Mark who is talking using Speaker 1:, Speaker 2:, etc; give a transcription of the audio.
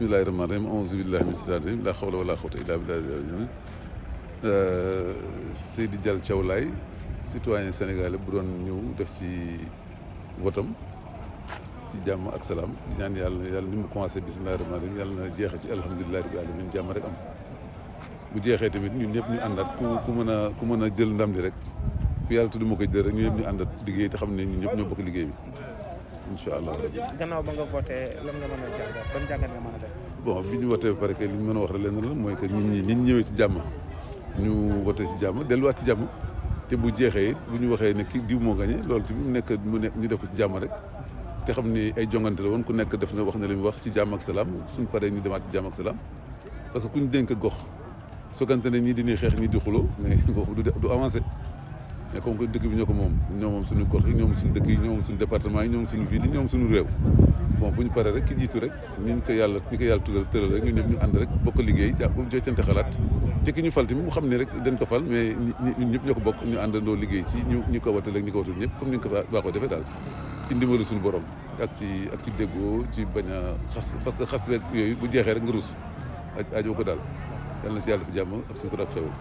Speaker 1: bismillahi rahmaani rahim onze billahi min seytaani rahim laa xawla wala xawta illaa billahi euh, Seydi Dial Thiaw Laye citoyen sénégalais bu doon ñëw def ci votam ci jàmm ak salaam di ñaan yàlla yàlla ni mu commencé bismillahi rahmaani rahim na jeexe ci alhamdulillahi rek am bu jeexee tamit ñun ñëpp ñu àndaat ku ku mën a ku mën a jël ndam li rek ku yàlla tudd ma koy jël rek ñu ñëpp ñu àndaat liggéey te xam ne ñun ñëpp ñoo bokk liggéey bi incha allah.
Speaker 2: gannaaw ba nga voté lan
Speaker 1: bi ñu voté ba pare que li ñu mën a wax rek lenn la mooy que nit ñi nit ñi ñëwee ci jàmm ñu voté ci jàmm delluwaat ci jàmm te bu jeexee bu ñu waxee ne kii diw moo gagné loolu tamit mu nekk mu ne ñu def ko ci jàmm rek te xam ne ay jongante la woon ku nekk def na wax na li mu wax ci jàmm ak salaam suñ paree ñu demaat ci jàmm ak salaam parce que ku ñu dénk gox soogante ne ñii dañuy xeex ñii di xuloo mais du avancé. mais comme que dëkk bi ñoo ko moom ñoo suñu gox yi ñoom suñu dëkk yi ñoom suñu département yi ñoom suñu ville yi ñoom suñu réew bon bu ñu paree rek ki jiitu rek niñ ko yàlla ni ko yàlla tuddal tëral rek ñu ñëpp ñu ànd rek bokk liggéey jàpp joccante xalaat ci ki ñu ne rek dañ ko fal ñëpp ñoo ko bokk ñu àndandoo liggéey ci ñu ñu ko watal ak ñi ko watul ñëpp comme ni nga ko waa ko defee daal ci ndimbalu suñu borom ak ci déggoo ci bañ xas parce que xas beeg yooyu bu jeexee rek nga rus ajoo ko daal yàlla na si yàlla fi jàmm ak sutura ak xewal